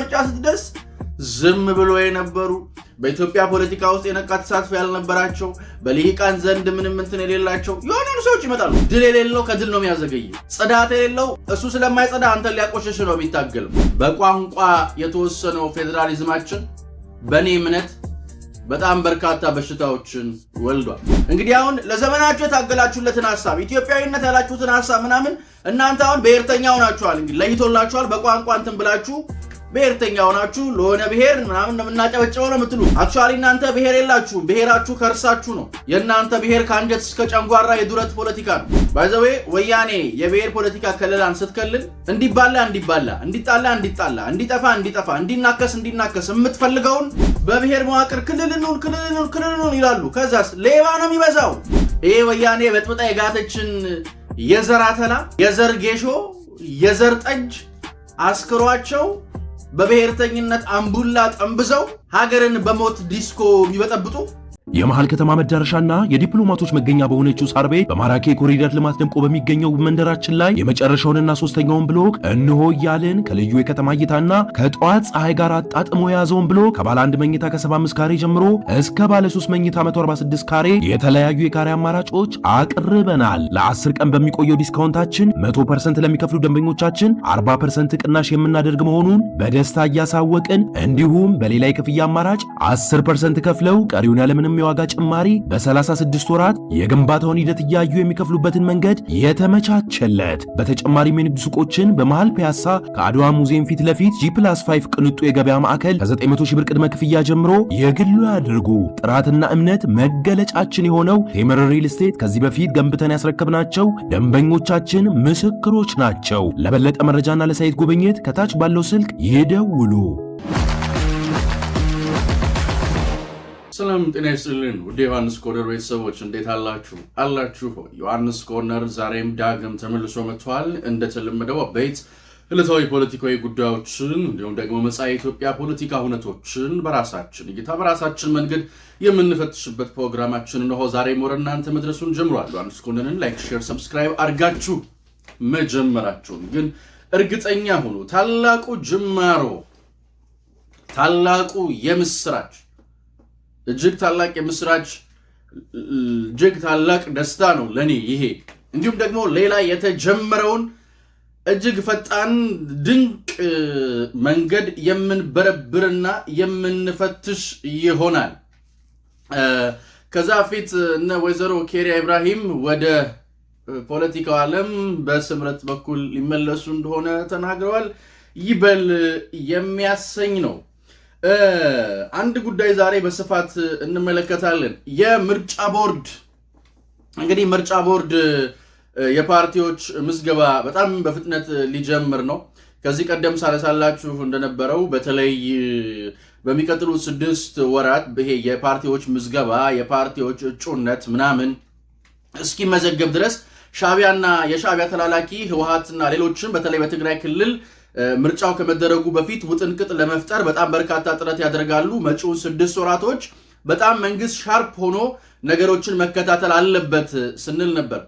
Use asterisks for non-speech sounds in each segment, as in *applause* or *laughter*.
ምርጫ ስትደርስ ዝም ብሎ የነበሩ በኢትዮጵያ ፖለቲካ ውስጥ የነቃ ተሳትፎ ያልነበራቸው በልሂቃን ዘንድ ምንም እንትን የሌላቸው የሆኑ ሰዎች ይመጣሉ። ድል የሌለው ከድል ነው የሚያዘገይ። ጽዳት የሌለው እሱ ስለማይጸዳ አንተን ሊያቆሸሽ ነው የሚታገለው። በቋንቋ የተወሰነው ፌዴራሊዝማችን በእኔ እምነት በጣም በርካታ በሽታዎችን ወልዷል። እንግዲህ አሁን ለዘመናችሁ የታገላችሁለትን ሀሳብ ኢትዮጵያዊነት ያላችሁትን ሀሳብ ምናምን እናንተ አሁን ብሔርተኛ ሆናችኋል። እንግዲህ ለይቶላችኋል። በቋንቋ እንትን ብላችሁ ብሔርተኛ ሆናችሁ ለሆነ ብሔር ምናምን እንደምናጨበጭበው ነው የምትሉ። አክቹዋሊ እናንተ ብሔር የላችሁም። ብሔራችሁ ከእርሳችሁ ነው። የእናንተ ብሔር ከአንጀት እስከ ጨንጓራ የዱረት ፖለቲካ ነው። ባይዘዌ ወያኔ የብሔር ፖለቲካ ከለላን ስትከልል እንዲባላ እንዲባላ፣ እንዲጣላ እንዲጣላ፣ እንዲጠፋ እንዲጠፋ፣ እንዲናከስ እንዲናከስ የምትፈልገውን በብሔር መዋቅር ክልል እንሁን ክልል እንሁን ክልል እንሁን ይላሉ። ከዛስ ሌባ ነው የሚበዛው። ይሄ ወያኔ በጥብጣ የጋተችን የዘር አተላ፣ የዘር ጌሾ፣ የዘር ጠጅ አስክሯቸው በብሔርተኝነት አምቡላ ጠንብዘው ሀገርን በሞት ዲስኮ የሚበጠብጡ የመሃል ከተማ መዳረሻና የዲፕሎማቶች መገኛ በሆነችው ሳርቤ በማራኪ ኮሪደር ልማት ደምቆ በሚገኘው መንደራችን ላይ የመጨረሻውንና ሶስተኛውን ብሎክ እንሆ እያልን ከልዩ የከተማ እይታና ከጠዋት ፀሐይ ጋር አጣጥሞ የያዘውን ብሎክ ከባለ አንድ መኝታ ከ75 ካሬ ጀምሮ እስከ ባለ 3 መኝታ 146 ካሬ የተለያዩ የካሬ አማራጮች አቅርበናል። ለ10 ቀን በሚቆየው ዲስካውንታችን 100% ለሚከፍሉ ደንበኞቻችን 40% ቅናሽ የምናደርግ መሆኑን በደስታ እያሳወቅን እንዲሁም በሌላ የክፍያ አማራጭ 10% ከፍለው ቀሪውን ያለምንም የዋጋ ጭማሪ በ36 ወራት የግንባታውን ሂደት እያዩ የሚከፍሉበትን መንገድ የተመቻቸለት። በተጨማሪም የንግድ ሱቆችን በመሃል ፒያሳ ከአድዋ ሙዚየም ፊት ለፊት G+5 ቅንጡ የገበያ ማዕከል ከ900 ሺህ ብር ቅድመ ክፍያ ጀምሮ የግሉ ያድርጉ። ጥራትና እምነት መገለጫችን የሆነው ቴምር ሪል ስቴት ከዚህ በፊት ገንብተን ያስረከብናቸው ደንበኞቻችን ምስክሮች ናቸው። ለበለጠ መረጃና ለሳይት ጉብኝት ከታች ባለው ስልክ ይደውሉ። ሰላም ጤና ይስጥልን ውድ ዮሐንስ ኮርነር ቤተሰቦች እንዴት አላችሁ? አላችሁ ሆይ ዮሐንስ ኮርነር ዛሬም ዳግም ተመልሶ መጥቷል። እንደተለመደው አበይት ዕለታዊ ፖለቲካዊ ጉዳዮችን እንዲሁም ደግሞ መጻ የኢትዮጵያ ፖለቲካ ሁነቶችን በራሳችን እይታ በራሳችን መንገድ የምንፈትሽበት ፕሮግራማችን እነሆ ዛሬም ወደ እናንተ መድረሱን ጀምሯል። ዮሐንስ ኮርነርን ላይክ፣ ሼር፣ ሰብስክራይብ አድርጋችሁ መጀመራችሁን ግን እርግጠኛ ሁኑ። ታላቁ ጅማሮ ታላቁ የምስራች እጅግ ታላቅ የምስራች፣ እጅግ ታላቅ ደስታ ነው ለእኔ ይሄ። እንዲሁም ደግሞ ሌላ የተጀመረውን እጅግ ፈጣን ድንቅ መንገድ የምንበረብርና የምንፈትሽ ይሆናል። ከዛ ፊት እነ ወይዘሮ ኬሪያ ኢብራሂም ወደ ፖለቲካው ዓለም በስምረት በኩል ሊመለሱ እንደሆነ ተናግረዋል። ይበል የሚያሰኝ ነው። አንድ ጉዳይ ዛሬ በስፋት እንመለከታለን። የምርጫ ቦርድ እንግዲህ ምርጫ ቦርድ የፓርቲዎች ምዝገባ በጣም በፍጥነት ሊጀምር ነው። ከዚህ ቀደም ሳለሳላችሁ እንደነበረው በተለይ በሚቀጥሉት ስድስት ወራት ይሄ የፓርቲዎች ምዝገባ የፓርቲዎች እጩነት ምናምን እስኪመዘገብ ድረስ ሻቢያና የሻቢያ ተላላኪ ህወሓትና ሌሎችም በተለይ በትግራይ ክልል ምርጫው ከመደረጉ በፊት ውጥንቅጥ ለመፍጠር በጣም በርካታ ጥረት ያደርጋሉ። መጪውን ስድስት ወራቶች በጣም መንግስት ሻርፕ ሆኖ ነገሮችን መከታተል አለበት ስንል ነበር።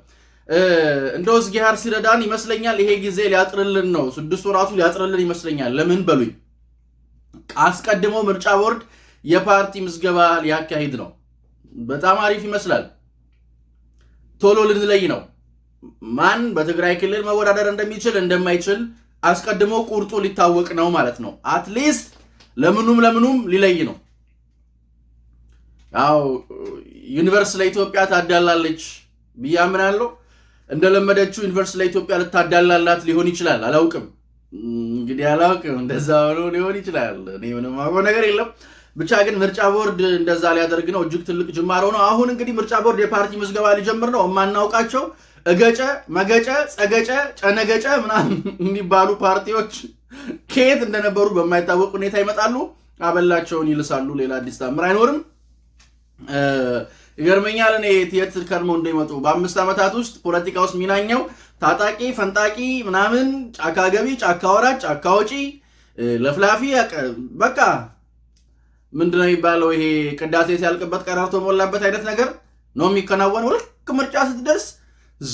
እንደ እዝጊያር ሲረዳን ይመስለኛል። ይሄ ጊዜ ሊያጥርልን ነው፣ ስድስት ወራቱ ሊያጥርልን ይመስለኛል። ለምን በሉኝ፣ አስቀድሞ ምርጫ ቦርድ የፓርቲ ምዝገባ ሊያካሂድ ነው። በጣም አሪፍ ይመስላል። ቶሎ ልንለይ ነው፣ ማን በትግራይ ክልል መወዳደር እንደሚችል እንደማይችል አስቀድሞ ቁርጡ ሊታወቅ ነው ማለት ነው። አትሊስት ለምኑም ለምኑም ሊለይ ነው። ያው ዩኒቨርስ ለኢትዮጵያ ታዳላለች ብዬ አምናለሁ። እንደለመደችው ዩኒቨርስ ለኢትዮጵያ ልታዳላላት ሊሆን ይችላል። አላውቅም እንግዲህ አላውቅም። እንደዛ ሆኖ ሊሆን ይችላል። እኔ ምንም አውቀው ነገር የለም። ብቻ ግን ምርጫ ቦርድ እንደዛ ሊያደርግ ነው። እጅግ ትልቅ ጅማሮ ነው። አሁን እንግዲህ ምርጫ ቦርድ የፓርቲ ምዝገባ ሊጀምር ነው። የማናውቃቸው እገጨ መገጨ ጸገጨ ጨነገጨ ምናምን የሚባሉ ፓርቲዎች ከየት እንደነበሩ በማይታወቅ ሁኔታ ይመጣሉ፣ አበላቸውን ይልሳሉ። ሌላ አዲስ ታምር አይኖርም። ይገርመኛል እኔ የት ከድሞ እንደሚመጡ በአምስት ዓመታት ውስጥ ፖለቲካ ውስጥ ሚናኘው ታጣቂ ፈንጣቂ ምናምን ጫካ ገቢ ጫካ ወራጅ ጫካ ወጪ ለፍላፊ በቃ ምንድነው የሚባለው ይሄ ቅዳሴ ሲያልቅበት ቀረርቶ ሞላበት አይነት ነገር ነው የሚከናወነው። ልክ ምርጫ ስትደርስ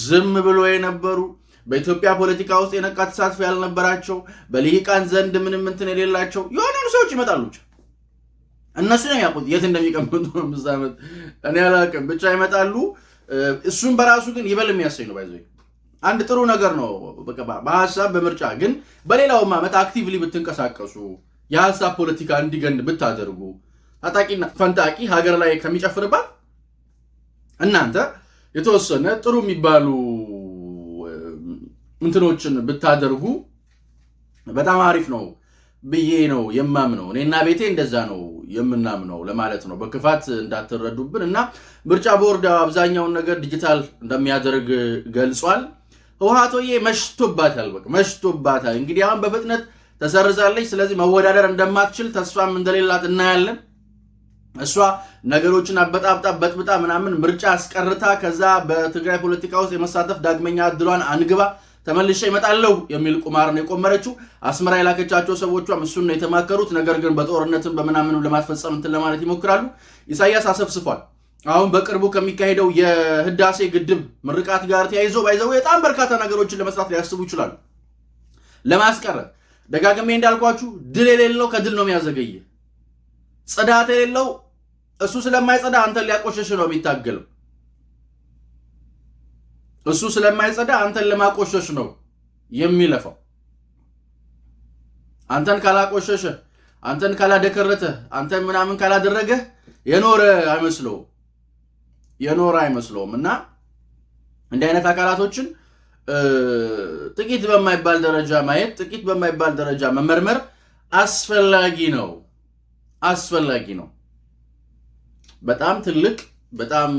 ዝም ብሎ የነበሩ በኢትዮጵያ ፖለቲካ ውስጥ የነቃ ተሳትፎ ያልነበራቸው በልሂቃን ዘንድ ምንም እንትን የሌላቸው የሆነኑ ሰዎች ይመጣሉ። እነሱ ነው የሚያውቁት የት እንደሚቀመጡ ነው። እኔ አላውቅም፣ ብቻ ይመጣሉ። እሱም በራሱ ግን ይበል የሚያሰኝ ነው። ይዘ አንድ ጥሩ ነገር ነው። በሀሳብ በምርጫ ግን በሌላውም ዓመት አክቲቭሊ ብትንቀሳቀሱ የሀሳብ ፖለቲካ እንዲገን ብታደርጉ ታጣቂና ፈንጣቂ ሀገር ላይ ከሚጨፍርባት እናንተ የተወሰነ ጥሩ የሚባሉ እንትኖችን ብታደርጉ በጣም አሪፍ ነው ብዬ ነው የማምነው። እኔና ቤቴ እንደዛ ነው የምናምነው ለማለት ነው። በክፋት እንዳትረዱብን እና ምርጫ ቦርድ አብዛኛውን ነገር ዲጂታል እንደሚያደርግ ገልጿል። ህወሓቶዬ መሽቶባታል፣ በቃ መሽቶባታል። እንግዲህ አሁን በፍጥነት ተሰርዛለች። ስለዚህ መወዳደር እንደማትችል ተስፋም እንደሌላት እናያለን። እሷ ነገሮችን አበጣብጣ በጥብጣ ምናምን ምርጫ አስቀርታ ከዛ በትግራይ ፖለቲካ ውስጥ የመሳተፍ ዳግመኛ እድሏን አንግባ ተመልሼ እመጣለሁ የሚል ቁማር ነው የቆመረችው። አስመራ የላከቻቸው ሰዎቿም እሱን ነው የተማከሩት። ነገር ግን በጦርነትም በምናምንም ለማስፈጸም እንትን ለማለት ይሞክራሉ። ኢሳያስ አሰፍስፏል። አሁን በቅርቡ ከሚካሄደው የህዳሴ ግድብ ምርቃት ጋር ተያይዞ ባይዘው በጣም በርካታ ነገሮችን ለመስራት ሊያስቡ ይችላሉ። ለማስቀረት ደጋግሜ እንዳልኳችሁ ድል የሌለው ከድል ነው የሚያዘገየ ጽዳት የሌለው እሱ ስለማይጸዳ አንተን ሊያቆሸሽ ነው የሚታገለው። እሱ ስለማይጸዳ አንተን ለማቆሸሽ ነው የሚለፈው። አንተን ካላቆሸሸ፣ አንተን ካላደከረተ፣ አንተን ምናምን ካላደረገ የኖረ አይመስለውም የኖረ አይመስለውም። እና እንዲህ አይነት አካላቶችን ጥቂት በማይባል ደረጃ ማየት፣ ጥቂት በማይባል ደረጃ መመርመር አስፈላጊ ነው። አስፈላጊ ነው። በጣም ትልቅ በጣም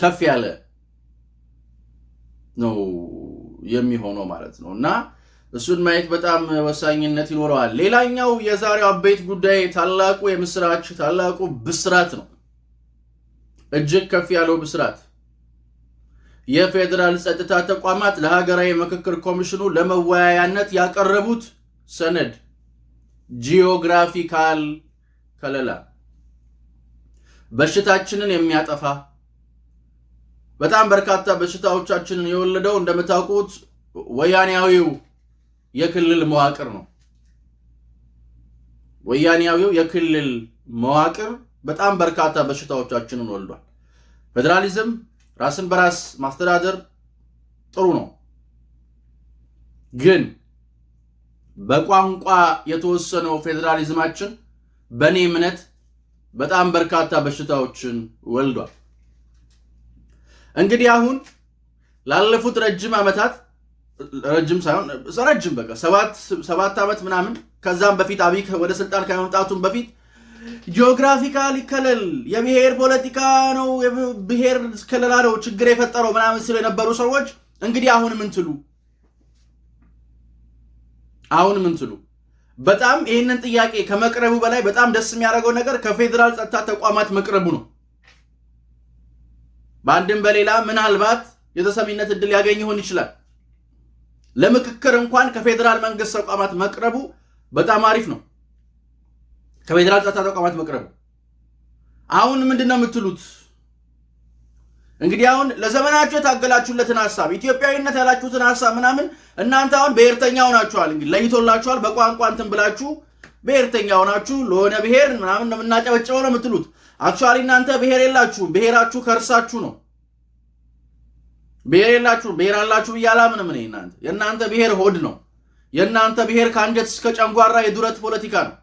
ከፍ ያለ ነው የሚሆነው ማለት ነው እና እሱን ማየት በጣም ወሳኝነት ይኖረዋል። ሌላኛው የዛሬው አበይት ጉዳይ ታላቁ የምስራች ታላቁ ብስራት ነው። እጅግ ከፍ ያለው ብስራት የፌዴራል ጸጥታ ተቋማት ለሀገራዊ ምክክር ኮሚሽኑ ለመወያያነት ያቀረቡት ሰነድ ጂኦግራፊካል ከለላ በሽታችንን የሚያጠፋ በጣም በርካታ በሽታዎቻችንን የወለደው እንደምታውቁት ወያኔያዊው የክልል መዋቅር ነው። ወያኔያዊው የክልል መዋቅር በጣም በርካታ በሽታዎቻችንን ወልዷል። ፌዴራሊዝም፣ ራስን በራስ ማስተዳደር ጥሩ ነው ግን በቋንቋ የተወሰነው ፌዴራሊዝማችን በእኔ እምነት በጣም በርካታ በሽታዎችን ወልዷል። እንግዲህ አሁን ላለፉት ረጅም ዓመታት ረጅም ሳይሆን ረጅም በቃ ሰባት ዓመት ምናምን ከዛም በፊት አብይ ወደ ስልጣን ከመምጣቱም በፊት ጂኦግራፊካ ሊከለል የብሔር ፖለቲካ ነው፣ ብሔር ከለላ ነው ችግር የፈጠረው ምናምን ሲሉ የነበሩ ሰዎች እንግዲህ አሁን ምን ትሉ አሁን ምን ትሉ በጣም ይህንን ጥያቄ ከመቅረቡ በላይ በጣም ደስ የሚያደርገው ነገር ከፌዴራል ጸጥታ ተቋማት መቅረቡ ነው። በአንድም በሌላ ምናልባት የተሰሚነት እድል ያገኝ ይሆን ይችላል። ለምክክር እንኳን ከፌዴራል መንግስት ተቋማት መቅረቡ በጣም አሪፍ ነው። ከፌዴራል ጸጥታ ተቋማት መቅረቡ አሁን ምንድን ነው የምትሉት? እንግዲህ አሁን ለዘመናችሁ የታገላችሁለትን ሀሳብ ኢትዮጵያዊነት ያላችሁትን ሀሳብ ምናምን እናንተ አሁን ብሔርተኛ ሆናችኋል። እንግዲህ ለይቶላችኋል። በቋንቋ እንትን ብላችሁ ብሔርተኛ ሆናችሁ ለሆነ ብሔር ምናምን ነው የምናጨበጭበው ነው የምትሉት። አክቹዋሊ እናንተ ብሔር የላችሁም። ብሔራችሁ ከእርሳችሁ ነው። ብሔር የላችሁም። ብሔር አላችሁ ብዬ አላምንም እኔ። እናንተ የእናንተ ብሔር ሆድ ነው። የእናንተ ብሔር ከአንጀት እስከ ጨንጓራ የዱረት ፖለቲካ ነው።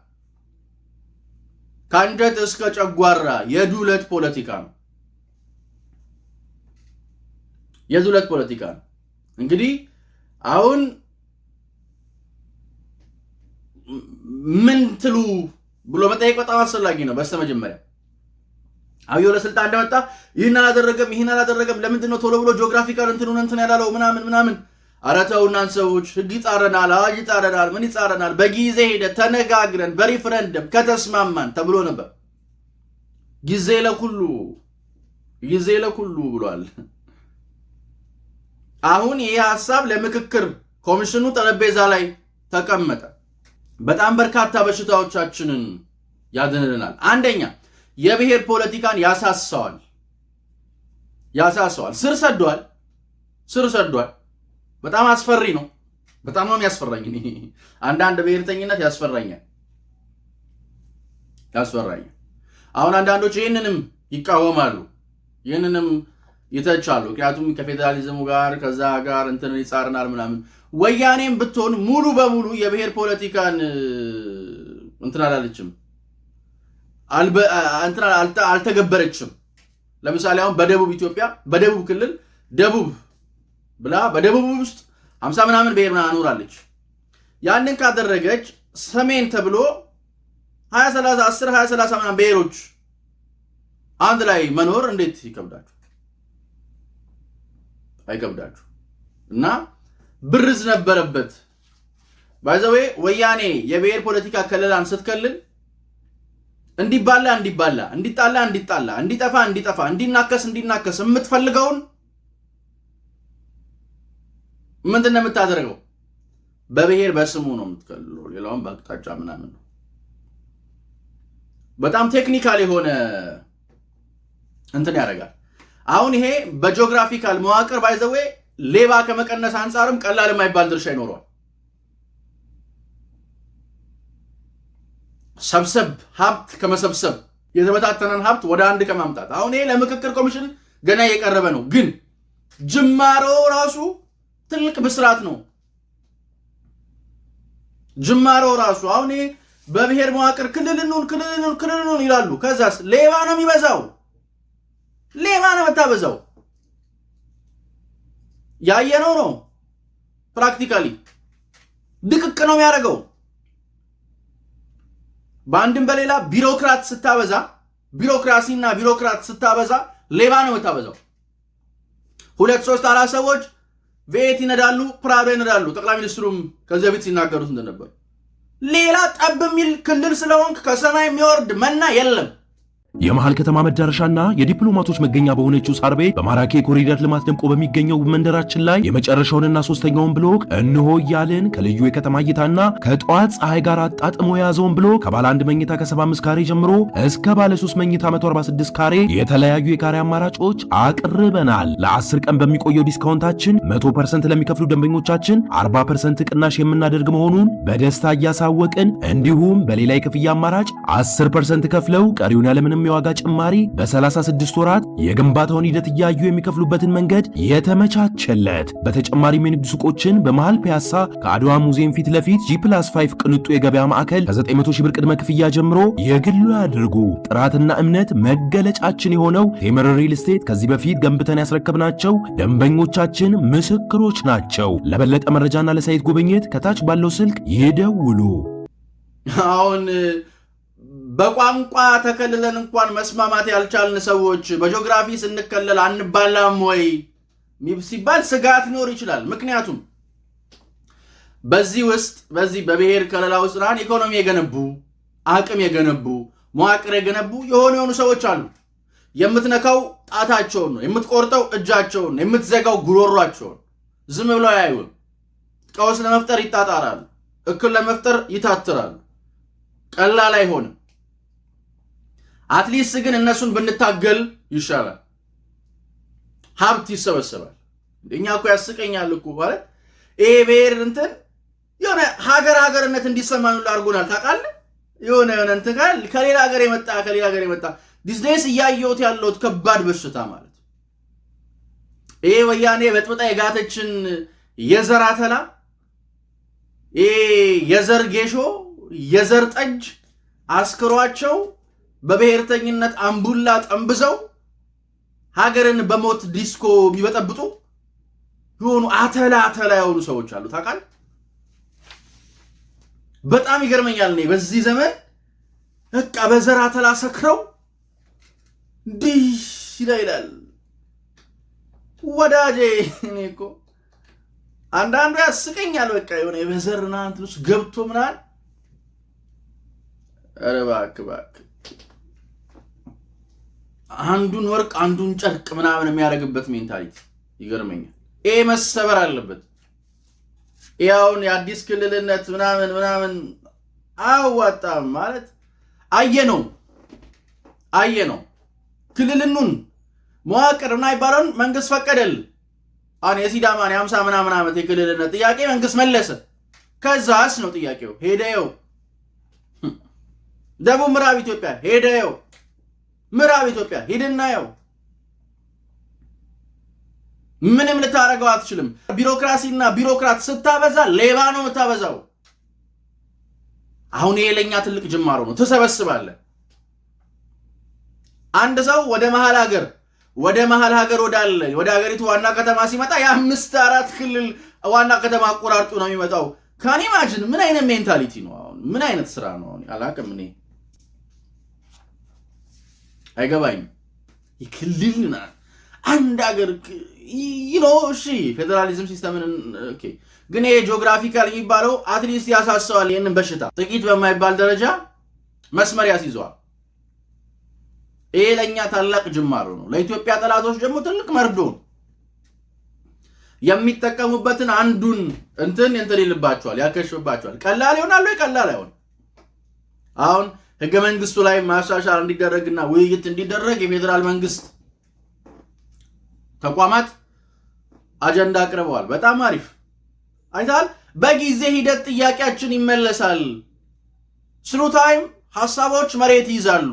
ከአንጀት እስከ ጨጓራ የዱለት ፖለቲካ ነው። የዙለት ፖለቲካ ነው። እንግዲህ አሁን ምን ትሉ ብሎ መጠየቅ በጣም አስፈላጊ ነው። በስተመጀመሪያ አብዮ ለስልጣን እንደመጣ ይህን አላደረገም፣ ይህን አላደረገም፣ ለምንድን ነው ቶሎ ብሎ ጂኦግራፊካል እንትኑን እንትን ያላለው ምናምን ምናምን። ኧረ ተው እናንተ ሰዎች፣ ህግ ይጻረናል፣ አዋጅ ይጻረናል፣ ምን ይጻረናል፣ በጊዜ ሄደ ተነጋግረን በሪፍረንደም ከተስማማን ተብሎ ነበር። ጊዜ ለኩሉ ጊዜ ለኩሉ ብሏል። አሁን ይህ ሐሳብ ለምክክር ኮሚሽኑ ጠረጴዛ ላይ ተቀመጠ። በጣም በርካታ በሽታዎቻችንን ያድንልናል። አንደኛ የብሔር ፖለቲካን ያሳሰዋል ያሳሰዋል ስር ሰዷል ስር ሰዷል። በጣም አስፈሪ ነው። በጣም ነው ያስፈራኝ። *laughs* አንዳንድ ብሔርተኝነት ያስፈራኛል ያስፈራኛል። አሁን አንዳንዶች ይህንንም ይቃወማሉ ይህንንም ይተቻሉ። ምክንያቱም ከፌዴራሊዝሙ ጋር ከዛ ጋር እንትን ይጻረናል ምናምን። ወያኔም ብትሆን ሙሉ በሙሉ የብሔር ፖለቲካን እንትን አላለችም፣ አልተገበረችም። ለምሳሌ አሁን በደቡብ ኢትዮጵያ በደቡብ ክልል ደቡብ ብላ በደቡብ ውስጥ ሀምሳ ምናምን ብሔር ምናምን አኖራለች። ያንን ካደረገች ሰሜን ተብሎ 20 30 10 20 30 ምናምን ብሔሮች አንድ ላይ መኖር እንዴት ይከብዳቸው? አይከብዳችሁ እና ብርዝ ነበረበት። ባይዘዌ ወያኔ የብሔር ፖለቲካ ከለላን ስትከልል እንዲባላ እንዲባላ እንዲጣላ እንዲጣላ እንዲጠፋ እንዲጠፋ እንዲናከስ እንዲናከስ የምትፈልገውን ምንድን ነው የምታደርገው? በብሔር በስሙ ነው የምትከልለው። ሌላውን በአቅጣጫ ምናምን ነው። በጣም ቴክኒካል የሆነ እንትን ያደርጋል። አሁን ይሄ በጂኦግራፊካል መዋቅር ባይዘዌ ሌባ ከመቀነስ አንጻርም ቀላል የማይባል ድርሻ ይኖረዋል። ሰብሰብ ሀብት ከመሰብሰብ የተበታተነን ሀብት ወደ አንድ ከማምጣት አሁን ይሄ ለምክክር ኮሚሽን ገና እየቀረበ ነው፣ ግን ጅማሮ ራሱ ትልቅ ብስራት ነው። ጅማሮ ራሱ አሁን ይሄ በብሔር መዋቅር ክልልኑን ክልልኑን ክልልኑን ይላሉ። ከዛስ ሌባ ነው የሚበዛው። ሌባ ነው የምታበዛው። ያየነው ነው ፕራክቲካሊ ድቅቅ ነው የሚያደርገው። በአንድም በሌላ ቢሮክራት ስታበዛ፣ ቢሮክራሲና ቢሮክራት ስታበዛ ሌባ ነው የምታበዛው። ሁለት ሶስት አራት ሰዎች ቪኤት ይነዳሉ፣ ፕራዶ ይነዳሉ። ጠቅላይ ሚኒስትሩም ከዚህ በፊት ሲናገሩት እንደነበር ሌላ ጠብ የሚል ክልል ስለሆንክ ከሰማይ የሚወርድ መና የለም። የመሃል ከተማ መዳረሻና የዲፕሎማቶች መገኛ በሆነችው ሳር ቤት በማራኪ የኮሪደር ልማት ደምቆ በሚገኘው መንደራችን ላይ የመጨረሻውንና ሶስተኛውን ብሎክ እንሆ እያልን ከልዩ የከተማ እይታና ከጠዋት ፀሐይ ጋር አጣጥሞ የያዘውን ብሎክ ከባለ አንድ መኝታ ከ75 ካሬ ጀምሮ እስከ ባለ 3 መኝታ 146 ካሬ የተለያዩ የካሬ አማራጮች አቅርበናል። ለ10 ቀን በሚቆየው ዲስካውንታችን 100% ለሚከፍሉ ደንበኞቻችን 40% ቅናሽ የምናደርግ መሆኑን በደስታ እያሳወቅን እንዲሁም በሌላ የክፍያ አማራጭ 10% ከፍለው ቀሪውን ያለምንም በሚገርም ዋጋ ጭማሪ በ36 ወራት የግንባታውን ሂደት እያዩ የሚከፍሉበትን መንገድ የተመቻቸለት። በተጨማሪም የንግድ ሱቆችን በመሃል ፒያሳ ከአድዋ ሙዚየም ፊት ለፊት 5 ቅንጡ የገበያ ማዕከል ከ900 ሺህ ብር ቅድመ ክፍያ ጀምሮ የግሉ ያድርጉ። ጥራትና እምነት መገለጫችን የሆነው ቴምር ሪል ስቴት ከዚህ በፊት ገንብተን ያስረከብናቸው ደንበኞቻችን ምስክሮች ናቸው። ለበለጠ መረጃና ለሳይት ጉብኝት ከታች ባለው ስልክ ይደውሉ። አሁን በቋንቋ ተከልለን እንኳን መስማማት ያልቻልን ሰዎች በጂኦግራፊ ስንከለል አንባላም ወይ ሲባል ስጋት ሊኖር ይችላል። ምክንያቱም በዚህ ውስጥ በዚህ በብሔር ከለላ ውስጥ ራን ኢኮኖሚ የገነቡ አቅም የገነቡ መዋቅር የገነቡ የሆኑ የሆኑ ሰዎች አሉ። የምትነካው ጣታቸውን ነው፣ የምትቆርጠው እጃቸውን ነው፣ የምትዘጋው ጉሮሯቸውን። ዝም ብለው አያዩም። ቀውስ ለመፍጠር ይጣጣራሉ፣ እክል ለመፍጠር ይታትራሉ። ቀላል አይሆንም። አትሊስት ግን እነሱን ብንታገል ይሻላል። ሀብት ይሰበሰባል። እኛ እኮ ያስቀኛል እኮ ማለት ይሄ ብሔር እንትን የሆነ ሀገር ሀገርነት እንዲሰማን ሁሉ አድርጎናል። ታውቃለህ የሆነ የሆነ እንትን ከሌላ ሀገር የመጣ ከሌላ ሀገር የመጣ ዲስዴስ እያየሁት ያለሁት ከባድ በሽታ ማለት ይሄ ወያኔ በጥብጣ የጋተችን የዘራተላ ይሄ የዘር ጌሾ የዘር ጠጅ አስክሯቸው በብሔርተኝነት አምቡላ ጠንብዘው ሀገርን በሞት ዲስኮ የሚበጠብጡ የሆኑ አተላ አተላ የሆኑ ሰዎች አሉ። ታውቃለህ፣ በጣም ይገርመኛል። እኔ በዚህ ዘመን በቃ በዘር አተላ ሰክረው እንዲህ ይላል። ወዳጄ እኔ እኮ አንዳንዱ ያስቀኛል። በቃ የሆነ የበዘር ናንት ገብቶ ምናል ኧረ እባክህ እባክህ አንዱን ወርቅ አንዱን ጨርቅ ምናምን የሚያደርግበት ሜንታሊቲ ይገርመኛል። ይሄ መሰበር አለበት። ያውን የአዲስ ክልልነት ምናምን ምናምን አያዋጣም ማለት አየ ነው አየ ነው ክልልኑን መዋቅር ምና ይባለውን መንግስት ፈቀደል። አሁን የሲዳማን የአምሳ ምናምን ዓመት የክልልነት ጥያቄ መንግስት መለሰ። ከዛስ ነው ጥያቄው ሄደየው ደቡብ ምዕራብ ኢትዮጵያ ሄደየው ምዕራብ ኢትዮጵያ ሂድና ያው ምንም ልታደርገው አትችልም። ቢሮክራሲና ቢሮክራት ስታበዛ ሌባ ነው የምታበዛው። አሁን ይሄ ለእኛ ትልቅ ጅማሮ ነው። ትሰበስባለህ። አንድ ሰው ወደ መሀል ሀገር ወደ መሀል ሀገር ወዳለ ወደ ሀገሪቱ ዋና ከተማ ሲመጣ የአምስት አራት ክልል ዋና ከተማ አቆራርጡ ነው የሚመጣው። ካን ኢማጅን ምን አይነት ሜንታሊቲ ነው? አሁን ምን አይነት ስራ ነው? አላቅም እኔ አይገባኝም። ክልል አንድ ሀገር ይኖ እሺ፣ ፌዴራሊዝም ሲስተምን ግን ይሄ ጂኦግራፊካል የሚባለው አትሊስት ያሳሰዋል። ይህንን በሽታ ጥቂት በማይባል ደረጃ መስመር ያስይዘዋል። ይሄ ለእኛ ታላቅ ጅማሮ ነው። ለኢትዮጵያ ጠላቶች ደግሞ ትልቅ መርዶ ነው። የሚጠቀሙበትን አንዱን እንትን እንትን ይልባቸዋል፣ ያከሽፍባቸዋል። ቀላል ይሆናሉ፣ ቀላል አይሆን አሁን ህገ መንግስቱ ላይ ማሻሻል እንዲደረግና ውይይት እንዲደረግ የፌዴራል መንግስት ተቋማት አጀንዳ አቅርበዋል። በጣም አሪፍ አይታል። በጊዜ ሂደት ጥያቄያችን ይመለሳል ስሉ ታይም ሀሳቦች መሬት ይይዛሉ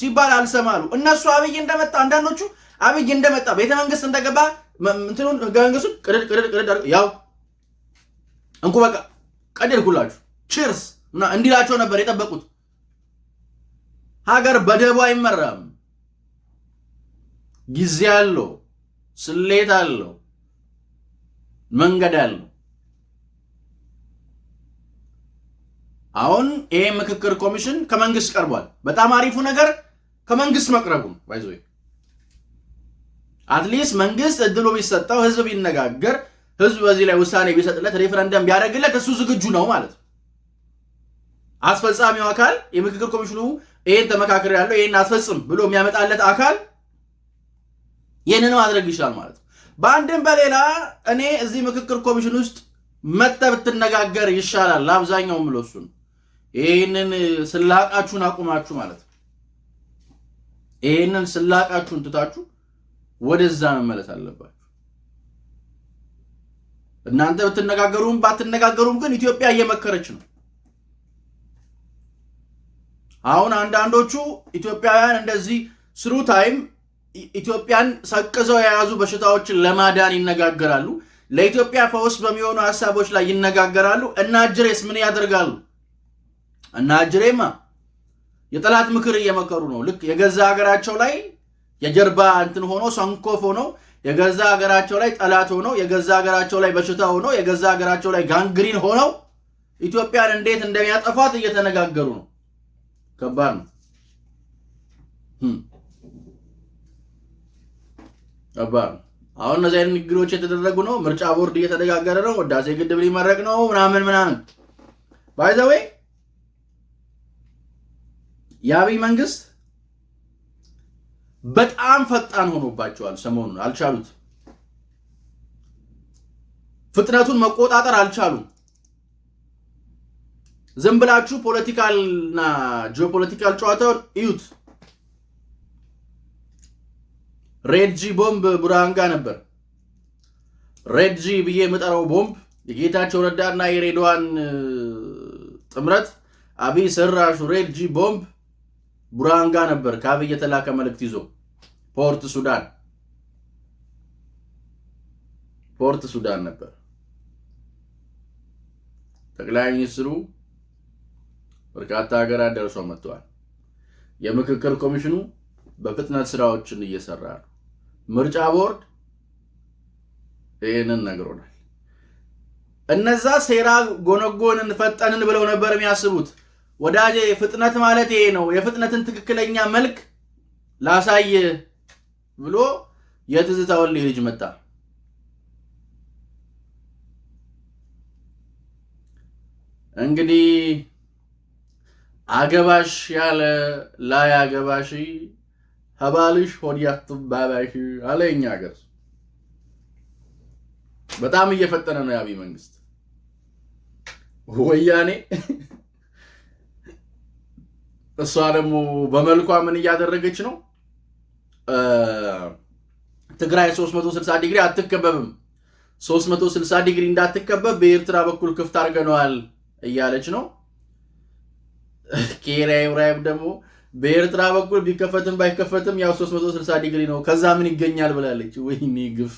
ሲባል አልሰማሉ። እነሱ አብይ እንደመጣ አንዳንዶቹ አብይ እንደመጣ ቤተ መንግስት እንደገባ እንትኑን ህገ መንግስቱን ቅድድ ቅድድ ቅድድ ያው እንኩ በቃ ቀደድኩላችሁ ቺርስ እና እንዲላቸው ነበር የጠበቁት። ሀገር በደቦ አይመራም። ጊዜ አለው፣ ስሌት አለው፣ መንገድ አለው። አሁን ይሄ ምክክር ኮሚሽን ከመንግስት ቀርቧል። በጣም አሪፉ ነገር ከመንግስት መቅረቡ ይዞ አትሊስት መንግስት እድሉ ቢሰጠው ህዝብ ቢነጋገር ህዝብ በዚህ ላይ ውሳኔ ቢሰጥለት ሬፈረንደም ቢያደርግለት እሱ ዝግጁ ነው ማለት ነው። አስፈጻሚው አካል የምክክር ኮሚሽኑ ይሄን ተመካከር ያለው ይሄን አስፈጽም ብሎ የሚያመጣለት አካል ይህንን ማድረግ ይችላል ማለት ነው። በአንድም በሌላ እኔ እዚህ ምክክር ኮሚሽን ውስጥ መጥተህ ብትነጋገር ይሻላል። ለአብዛኛው ብሎ ነው ይህንን ስላቃችሁን አቁማችሁ ማለት ነው። ይህንን ስላቃችሁን ትታችሁ ወደዛ መመለስ አለባችሁ። እናንተ ብትነጋገሩም ባትነጋገሩም ግን ኢትዮጵያ እየመከረች ነው። አሁን አንዳንዶቹ ኢትዮጵያውያን እንደዚህ ስሩ ታይም ኢትዮጵያን ሰቅዘው የያዙ በሽታዎችን ለማዳን ይነጋገራሉ። ለኢትዮጵያ ፈውስ በሚሆኑ ሀሳቦች ላይ ይነጋገራሉ። እና እጅሬስ ምን ያደርጋሉ? እና እጅሬማ የጠላት ምክር እየመከሩ ነው። ልክ የገዛ ሀገራቸው ላይ የጀርባ እንትን ሆኖ ሰንኮፍ ሆኖ የገዛ ሀገራቸው ላይ ጠላት ሆኖ የገዛ ሀገራቸው ላይ በሽታ ሆኖ የገዛ ሀገራቸው ላይ ጋንግሪን ሆነው ኢትዮጵያን እንዴት እንደሚያጠፋት እየተነጋገሩ ነው። ከባድ ነው። ከባድ ነው። አሁን እነዚህ አይነት ንግግሮች የተደረጉ ነው። ምርጫ ቦርድ እየተነጋገረ ነው። ወዳሴ ግድብ ሊመረቅ ነው ምናምን ምናምን። ባይዘዌ የአብይ መንግስት በጣም ፈጣን ሆኖባቸዋል። ሰሞኑን አልቻሉት፣ ፍጥነቱን መቆጣጠር አልቻሉም። ዝም ብላችሁ ፖለቲካልና ጂኦፖለቲካል ጨዋታውን እዩት። ሬድጂ ቦምብ ቡራንጋ ነበር። ሬድጂ ብዬ የምጠራው ቦምብ የጌታቸው ረዳና የሬድዋን ጥምረት አብይ ሰራሹ ሬድጂ ቦምብ ቡራንጋ ነበር ከአብይ የተላከ መልእክት ይዞ ፖርት ሱዳን ፖርት ሱዳን ነበር ጠቅላይ ሚኒስትሩ በርካታ ሀገራት ደርሶ መጥተዋል። የምክክር ኮሚሽኑ በፍጥነት ስራዎችን እየሰራ ነው። ምርጫ ቦርድ ይህንን ነግሮናል። እነዛ ሴራ ጎነጎንን ፈጠንን ብለው ነበር የሚያስቡት። ወዳጄ ፍጥነት ማለት ይሄ ነው። የፍጥነትን ትክክለኛ መልክ ላሳይ ብሎ የትዝታውን ልጅ መጣ። እንግዲህ አገባሽ ያለ ላይ አገባሽ ከባልሽ ሆዲያቱ ባባሽ አለ የኛ ሀገር። በጣም እየፈጠነ ነው የአብይ መንግስት። ወያኔ እሷ ደግሞ በመልኳ ምን እያደረገች ነው? ትግራይ 360 ዲግሪ አትከበብም፣ 360 ዲግሪ እንዳትከበብ በኤርትራ በኩል ክፍት አድርገነዋል እያለች ነው። ኬራይብራይም ደግሞ በኤርትራ በኩል ቢከፈትም ባይከፈትም ያው 360 ዲግሪ ነው። ከዛ ምን ይገኛል ብላለች። ወይኔ ግፍ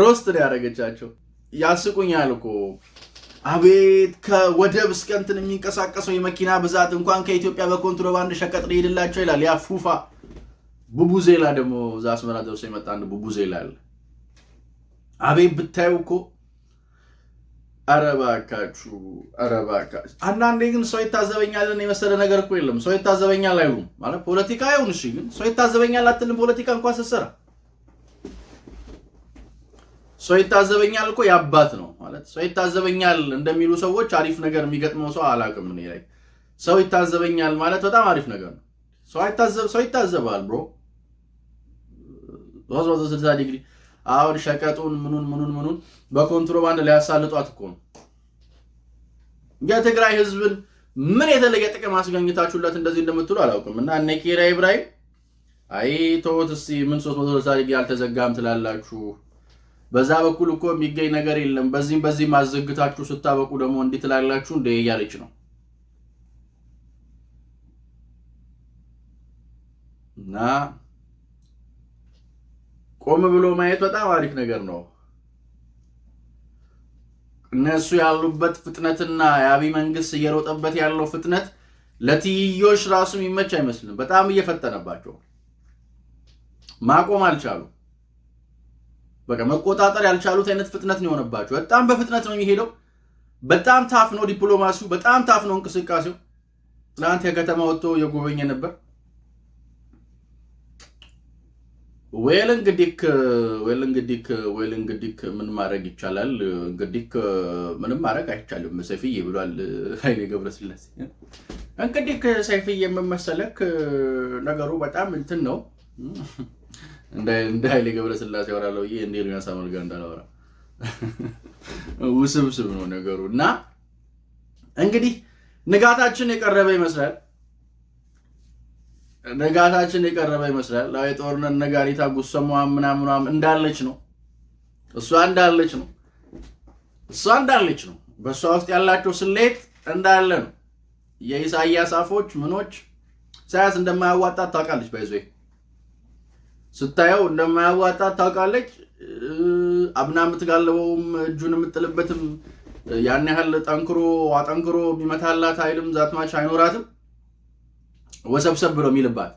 ሮስት ነው ያደረገቻቸው። ያስቁኛል እኮ አቤት ከወደብ እስከ እንትን የሚንቀሳቀሰው የመኪና ብዛት እንኳን ከኢትዮጵያ በኮንትሮባንድ ሸቀጥ ሄድላቸው ይላል። ያ ፉፋ ቡቡዜላ ደግሞ እዛ አስመራ ደርሶ የመጣ አንድ ቡቡዜላ አለ። አቤት ብታዩ እኮ አረባካችሁ አረባካችሁ። አንዳንዴ ግን ሰው ይታዘበኛልን የመሰለ ነገር እኮ የለም። ሰው ይታዘበኛል አይሉም ማለት ፖለቲካ ይሁን እሺ፣ ግን ሰው ይታዘበኛል አትልም። ፖለቲካ እንኳን ስትሰራ ሰው ይታዘበኛል እኮ የአባት ነው ማለት። ሰው ይታዘበኛል እንደሚሉ ሰዎች አሪፍ ነገር የሚገጥመው ሰው አላውቅም እኔ ላይ። ሰው ይታዘበኛል ማለት በጣም አሪፍ ነገር ነው። ሰው ይታዘባል ብሮ 360 ዲግሪ አሁን ሸቀጡን ምኑን ምኑን ምኑን በኮንትሮባንድ ሊያሳልጧት እኮ ነው። የትግራይ ህዝብን ምን የተለየ ጥቅም አስገኝታችሁለት እንደዚህ እንደምትሉ አላውቅም። እና እነ ኪራ ኢብራሂም አይ ተወት እስቲ ምን ሶስት ዲግሪ አልተዘጋም ትላላችሁ? በዛ በኩል እኮ የሚገኝ ነገር የለም። በዚህም በዚህም አዘግታችሁ ስታበቁ ደግሞ እንዲህ ትላላችሁ እንደ እያለች ነው እና ቆም ብሎ ማየት በጣም አሪፍ ነገር ነው። እነሱ ያሉበት ፍጥነትና የአብይ መንግስት እየሮጠበት ያለው ፍጥነት ለትይዮች ራሱ የሚመች አይመስልም። በጣም እየፈጠነባቸው ማቆም አልቻሉ። በቃ መቆጣጠር ያልቻሉት አይነት ፍጥነት ነው የሆነባቸው። በጣም በፍጥነት ነው የሚሄደው። በጣም ታፍ ነው ዲፕሎማሲው፣ በጣም ታፍ ነው እንቅስቃሴው። ትናንት የከተማ ወጥቶ የጎበኘ ነበር። ዌል እንግዲህ ዌል እንግዲህ ዌል እንግዲህ ምን ማድረግ ይቻላል? እንግዲህ ምንም ማድረግ አይቻልም ሰይፍዬ ብሏል ኃይሌ ገብረስላሴ። እንግዲህ ሰይፍዬ የምመሰለክ ነገሩ በጣም እንትን ነው። እንደ ኃይሌ ገብረስላሴ ያወራለው ይሄ እንደ ኤርሚያስ አመልጋ እንዳላወራ ውስብስብ ነው ነገሩ እና እንግዲህ ንጋታችን የቀረበ ይመስላል ንጋታችን የቀረበ ይመስላል። ላይ ጦርነት ነጋሪታ ጉሰማ ምናምኗም እንዳለች ነው። እሷ እንዳለች ነው። እሷ እንዳለች ነው። በእሷ ውስጥ ያላቸው ስሌት እንዳለ ነው። የኢሳያስ አፎች ምኖች ኢሳያስ እንደማያዋጣት ታውቃለች። ባይዞ ስታየው እንደማያዋጣት ታውቃለች። አብና የምትጋልበውም እጁን የምጥልበትም ያን ያህል ጠንክሮ አጠንክሮ ቢመታላት ኃይልም ዛትማች አይኖራትም። ወሰብሰብ ብሎ የሚልባት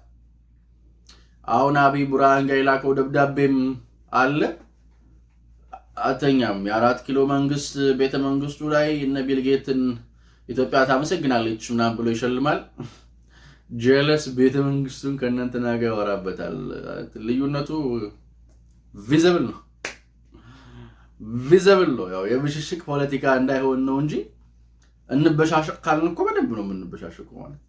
አሁን አብይ ቡርሃን ጋር የላከው ደብዳቤም አለ። አተኛም የአራት ኪሎ መንግስት ቤተ መንግስቱ ላይ እነ ቢልጌትን ኢትዮጵያ ታመሰግናለች ምናምን ብሎ ይሸልማል። ጀለስ ቤተ መንግስቱን ከእናንተና ጋር ያወራበታል። ልዩነቱ ቪዘብል ነው ቪዘብል ነው። ያው የብሽሽቅ ፖለቲካ እንዳይሆን ነው እንጂ እንበሻሸቅ ካልን እኮ በደንብ ነው የምንበሻሸቅ ማለት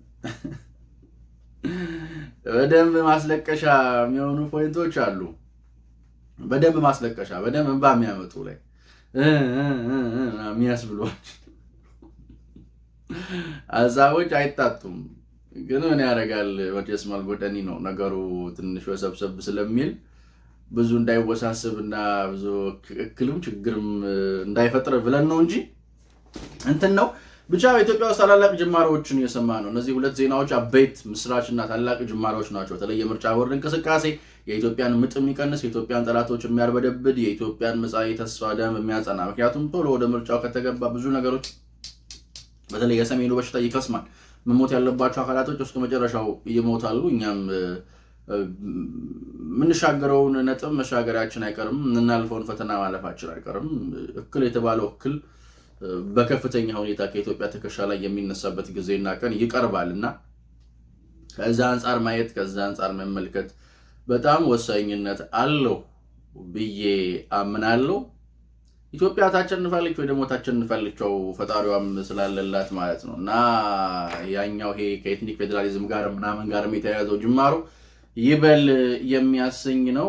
በደንብ ማስለቀሻ የሚሆኑ ፖይንቶች አሉ። በደንብ ማስለቀሻ፣ በደንብ እንባ የሚያመጡ ላይ የሚያስብሏቸው ሀሳቦች አይጣጡም። ግን ምን ያደርጋል መቼስ መልጎደኒ ነው ነገሩ። ትንሽ ወሰብሰብ ስለሚል ብዙ እንዳይወሳስብ እና ብዙ እክልም ችግርም እንዳይፈጥር ብለን ነው እንጂ እንትን ነው ብቻ በኢትዮጵያ ውስጥ ታላላቅ ጅማሬዎችን እየሰማ ነው። እነዚህ ሁለት ዜናዎች አበይት ምስራችና ታላቅ ጅማሮዎች ናቸው። በተለይ የምርጫ ቦርድ እንቅስቃሴ የኢትዮጵያን ምጥ የሚቀንስ የኢትዮጵያን ጠላቶች የሚያርበደብድ የኢትዮጵያን መጻኢ ተስፋ ደም የሚያጸና ምክንያቱም ቶሎ ወደ ምርጫው ከተገባ ብዙ ነገሮች በተለይ የሰሜኑ በሽታ ይከስማል። መሞት ያለባቸው አካላቶች እስከ መጨረሻው ይሞታሉ። እኛም የምንሻገረውን ነጥብ መሻገሪያችን አይቀርም። የምናልፈውን ፈተና ማለፋችን አይቀርም። እክል የተባለው እክል በከፍተኛ ሁኔታ ከኢትዮጵያ ትከሻ ላይ የሚነሳበት ጊዜና ቀን ይቀርባል እና ከዚ አንጻር ማየት ከዚ አንጻር መመልከት በጣም ወሳኝነት አለው ብዬ አምናለሁ። ኢትዮጵያ ታቸንፋለች ወይ ደግሞ ታቸንፋለቸው ፈጣሪዋም ስላለላት ማለት ነው እና ያኛው ይሄ ከኤትኒክ ፌዴራሊዝም ጋር ምናምን ጋርም የተያያዘው ጅማሮ ይበል የሚያሰኝ ነው።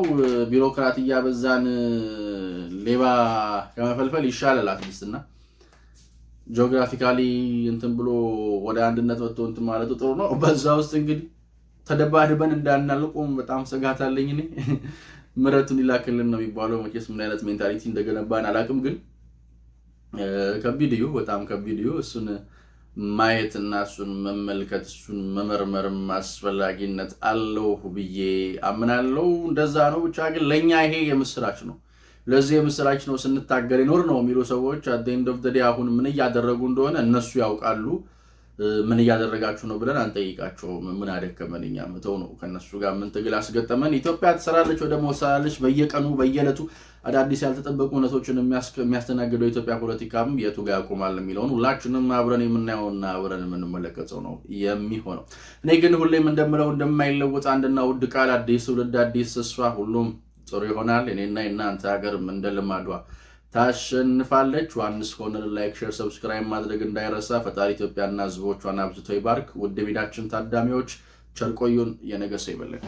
ቢሮክራት እያበዛን ሌባ ከመፈልፈል ይሻላል አትሊስት እና ጂኦግራፊካሊ እንትን ብሎ ወደ አንድነት ወጥቶ እንትን ማለቱ ጥሩ ነው። በዛ ውስጥ እንግዲህ ተደባድበን እንዳናልቁም በጣም ስጋት አለኝ እኔ። *laughs* ምረቱን ይላክልን ነው የሚባለው። መቼስ ምን አይነት ሜንታሊቲ እንደገነባን አላውቅም፣ ግን ዩ በጣም ዩ እሱን ማየት እና እሱን መመልከት እሱን መመርመርም አስፈላጊነት አለው ብዬ አምናለው። እንደዛ ነው። ብቻ ግን ለእኛ ይሄ የምስራች ነው። ለዚህ የምስራች ነው ስንታገል ይኖር ነው የሚሉ ሰዎች አደንድ ኦፍ ደዴ አሁን ምን እያደረጉ እንደሆነ እነሱ ያውቃሉ። ምን እያደረጋችሁ ነው ብለን አንጠይቃቸውም። ምን አደከመን እኛ ነው። ከነሱ ጋር ምን ትግል አስገጠመን? ኢትዮጵያ ትሰራለች ወደ መወሰላለች። በየቀኑ በየዕለቱ አዳዲስ ያልተጠበቁ እውነቶችን የሚያስተናግደው የኢትዮጵያ ፖለቲካም የቱ ጋር ያቆማል የሚለውን ሁላችንም አብረን የምናየውና አብረን የምንመለከተው ነው የሚሆነው። እኔ ግን ሁሌም እንደምለው እንደማይለወጥ አንድና ውድ ቃል አዲስ ትውልድ አዲስ ተስፋ ሁሉም ጥሩ ይሆናል። እኔና የእናንተ ሀገርም እንደ ልማዷ ታሸንፋለች። ዮሐንስ ኮርነር ላይክ፣ ሼር፣ ሰብስክራይብ ማድረግ እንዳይረሳ። ፈጣሪ ኢትዮጵያና ህዝቦቿን አብዝቶ ይባርክ። ውድ ቤዳችን ታዳሚዎች ቸርቆዩን የነገሰ ይበለን።